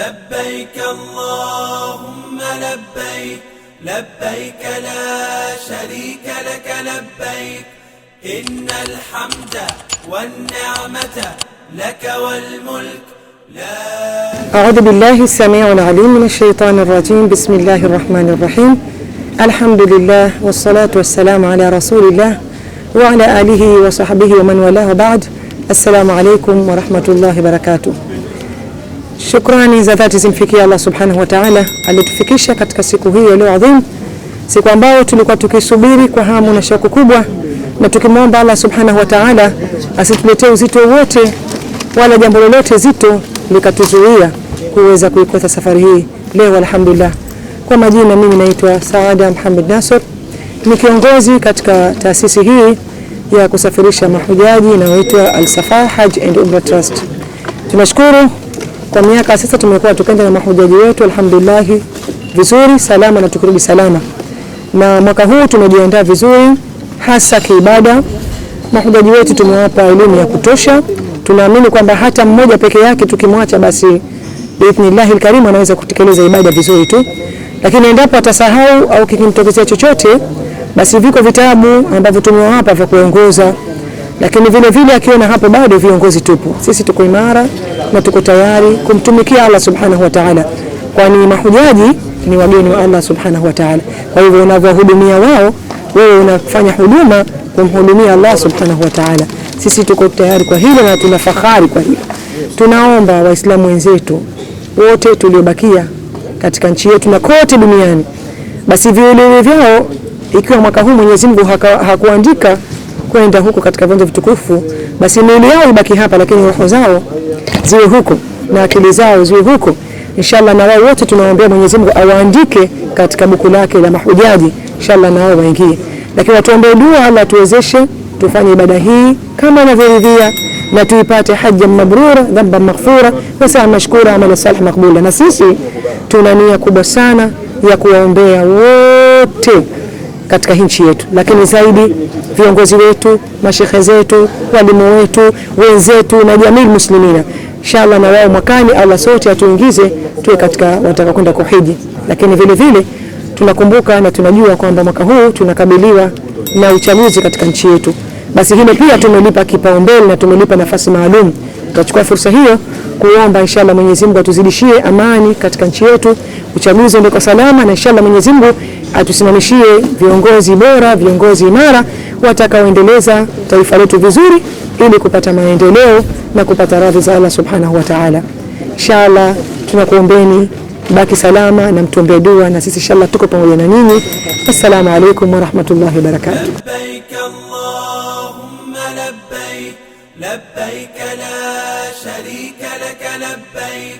لبيك اللهم لبيك لبيك لا شريك لك لبيك إن الحمد والنعمة لك والملك لا أعوذ بالله السميع العليم من الشيطان الرجيم بسم الله الرحمن الرحيم الحمد لله والصلاة والسلام على رسول الله وعلى آله وصحبه ومن والاه بعد السلام عليكم ورحمة الله وبركاته Shukrani za dhati zimfikia Allah subhanahu wa ta'ala, aliyetufikisha katika siku hii leo adhimu, siku ambayo tulikuwa tukisubiri kwa hamu na shauku kubwa, na tukimwomba Allah subhanahu wa ta'ala asituletee uzito wote wala jambo lolote zito likatuzuia kuweza kuikosa safari hii leo. Alhamdulillah, kwa majina mimi naitwa Saada Muhammad nasr ni kiongozi katika taasisi hii ya kusafirisha mahujaji inayoitwa Al Safa Hajj and Umrah Trust. Tunashukuru kwa miaka sasa tumekuwa tukenda na mahujaji wetu alhamdulillah vizuri salama na tukirudi salama, na mwaka huu tumejiandaa vizuri hasa kiibada. Mahujaji wetu tumewapa elimu ya kutosha. Tunaamini kwamba hata mmoja peke yake tukimwacha, basi biidhnillahi alkarim anaweza kutekeleza ibada vizuri tu, lakini endapo atasahau au kikimtokezea chochote, basi viko vitabu ambavyo tumewapa vya kuongoza lakini vile vile akiona hapo bado viongozi tupo, sisi tuko imara na tuko tayari kumtumikia Allah subhanahu wa ta'ala, kwani mahujaji ni wageni wa Allah subhanahu wa ta'ala. Kwa hivyo unavyowahudumia wao, wewe unafanya huduma kumhudumia Allah subhanahu wa ta'ala. Sisi tuko tayari kwa hilo na tuna fahari kwa hilo. Tunaomba Waislamu wenzetu wote tuliobakia katika nchi yetu na kote duniani, basi viwiliwili vyao, ikiwa mwaka huu Mwenyezi Mungu hakuandika kwenda huko katika viwanja vitukufu, basi miili yao ibaki hapa, lakini roho zao ziwe huko na akili zao ziwe huko inshallah. Na wao wote tunaombea Mwenyezi Mungu awaandike katika buku lake la mahujaji inshallah, na wao waingie, lakini watuombee dua, Allah tuwezeshe tufanye ibada hii kama anavyoridhia na tuipate haja mabrura dhamba maghfura na saa mashkura amali salih makbula. Na sisi tuna nia kubwa sana ya kuwaombea wote katika nchi yetu, lakini zaidi viongozi wetu, mashehe zetu, walimu wetu, wenzetu na jamii muslimina, inshallah na wao mwakani, Allah sote atuingize tuwe katika wanataka kwenda kuhiji. Lakini vile vile tunakumbuka na tunajua kwamba mwaka huu tunakabiliwa na uchaguzi katika nchi yetu, basi hilo pia tumelipa kipaumbele na tumelipa nafasi maalum. Tutachukua fursa hiyo kuomba inshallah Mwenyezi Mungu atuzidishie amani katika nchi yetu, uchaguzi ndio kwa salama, na inshallah Mwenyezi Mungu atusimamishie viongozi bora, viongozi imara watakaoendeleza taifa letu vizuri, ili kupata maendeleo na kupata radhi za Allah subhanahu wa ta'ala. Inshallah tunakuombeni baki salama na mtuombee dua, na sisi inshallah tuko pamoja na nyinyi Assalamu alaykum wa rahmatullahi wa barakatuh. Labbaik Allahumma labbaik labbaik la sharika lak labbaik